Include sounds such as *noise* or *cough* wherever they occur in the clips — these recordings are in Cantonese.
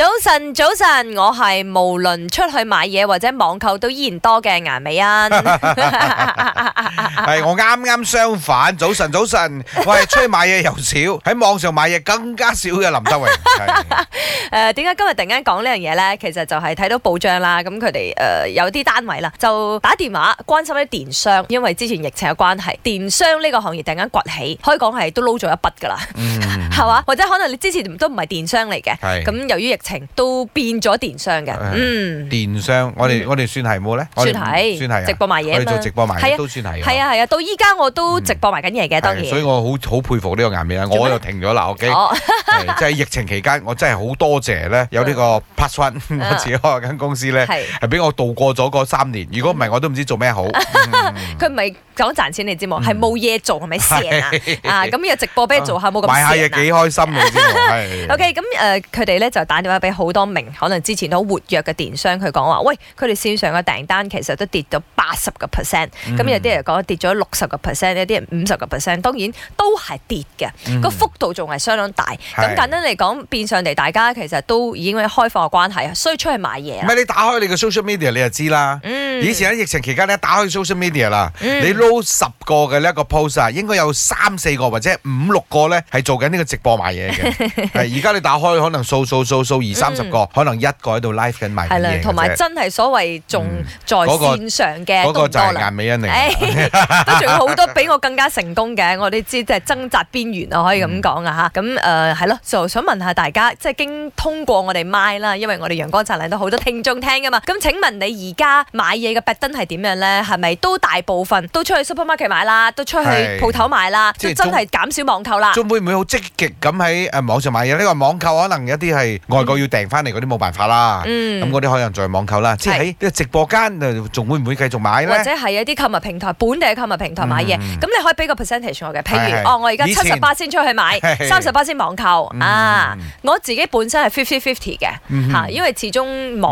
早晨，早晨，我係無論出去買嘢或者網購都依然多嘅顏美欣，係 *laughs* *laughs* 我啱啱相反，早晨，早晨，我喂，出去買嘢又少，喺網上買嘢更加少嘅林德榮。誒，點解、 *laughs* 呃、今日突然間講呢樣嘢呢？其實就係睇到報章啦，咁佢哋誒有啲單位啦，就打電話關心啲電商，因為之前疫情嘅關係，電商呢個行業突然間崛起，可以講係都撈咗一筆噶啦。嗯或者可能你之前都唔係電商嚟嘅，咁由於疫情都變咗電商嘅。嗯，電商我哋我哋算係冇咧，算係算係直播賣嘢做直播賣嘢都算係。係啊係啊，到依家我都直播埋緊嘢嘅，當然。所以我好好佩服呢個顏面啊！我又停咗啦，我即係疫情期間，我真係好多謝咧，有呢個 partner，我自己開間公司咧，係俾我度過咗嗰三年。如果唔係，我都唔知做咩好。佢唔係講賺錢你知冇，係冇嘢做，係咪蝕咁又直播俾佢做下冇咁開心嘅，係、 *laughs* okay。O K，咁誒，佢哋咧就打電話俾好多名，可能之前都好活躍嘅電商，佢講話，喂，佢哋綫上嘅訂單其實都跌咗八十個 percent，咁有啲人講跌咗六十個 percent，有啲人五十個 percent，當然都係跌嘅，個幅度仲係相當大。咁、嗯、哼簡單嚟講，變相嚟大家其實都已經開放嘅關係啊，需要出去買嘢。唔係，你打開你嘅 social media，你就知啦。嗯以前喺疫情期間咧，打開 social media 啦，嗯、你撈十個嘅呢一個 post 啊，應該有三四個或者五六個咧，係做緊呢個直播賣嘢嘅。係而家你打開可能數數數數二三十個、嗯、可能一個喺度 live 緊賣嘢。係啦，同埋真係所謂仲在線上嘅、嗯那個那個就係硬尾音嚟。都仲有好多比我更加成功嘅，我哋知即係掙扎邊緣啊，可以咁講啊吓，咁誒係咯，就想問下大家，即係經通過我哋麥啦，因為我哋陽光燦爛都好多聽眾聽噶嘛。咁請問你而家買嘢？你嘅八登係點樣咧？係咪都大部分都出去 supermarket 買啦，都出去鋪頭買啦，都真係減少網購啦。仲會唔會好積極咁喺誒網上買嘢？呢個網購可能有啲係外國要訂翻嚟嗰啲冇辦法啦。咁嗰啲可能再網購啦。即係喺直播間誒，仲會唔會繼續買？或者係一啲購物平台本地嘅購物平台買嘢？咁你可以俾個 percentage 我嘅，譬如我而家七十巴仙出去買，三十巴仙網購啊！我自己本身係 fifty fifty 嘅，因為始終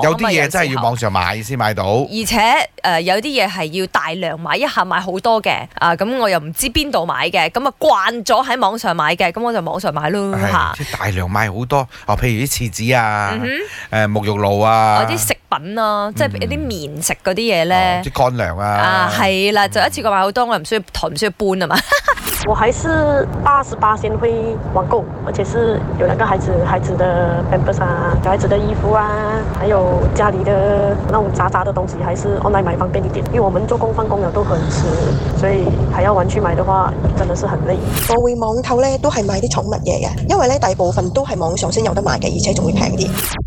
有啲嘢真係要網上買先買到，而且。誒、呃，有啲嘢係要大量買一下，買好多嘅，啊，咁我又唔知邊度買嘅，咁啊慣咗喺網上買嘅，咁我就網上買咯。吓、啊，即係，大量買好多，哦，譬如啲廁紙啊，誒、嗯哼，沐浴露啊，啲食品咯，啊，即係一啲麵食嗰啲嘢咧，啲乾糧啊，啊，係啦，就一次過買好多，嗯、哼我又唔需要囤，唔需要搬啊嘛。呵呵我還是八十八先會網購，而且是有兩個孩子，孩子的 Pampers 啊，小孩子的衣服啊，還有家裏的那種雜雜的東西，還是 online 買方便一點，因為我們做工放工友都很遲，所以還要玩去買的話，真的是很累。我微網購呢都是買啲寵物嘢嘅，因為呢大部分都是網上先有得買嘅，而且仲會平啲。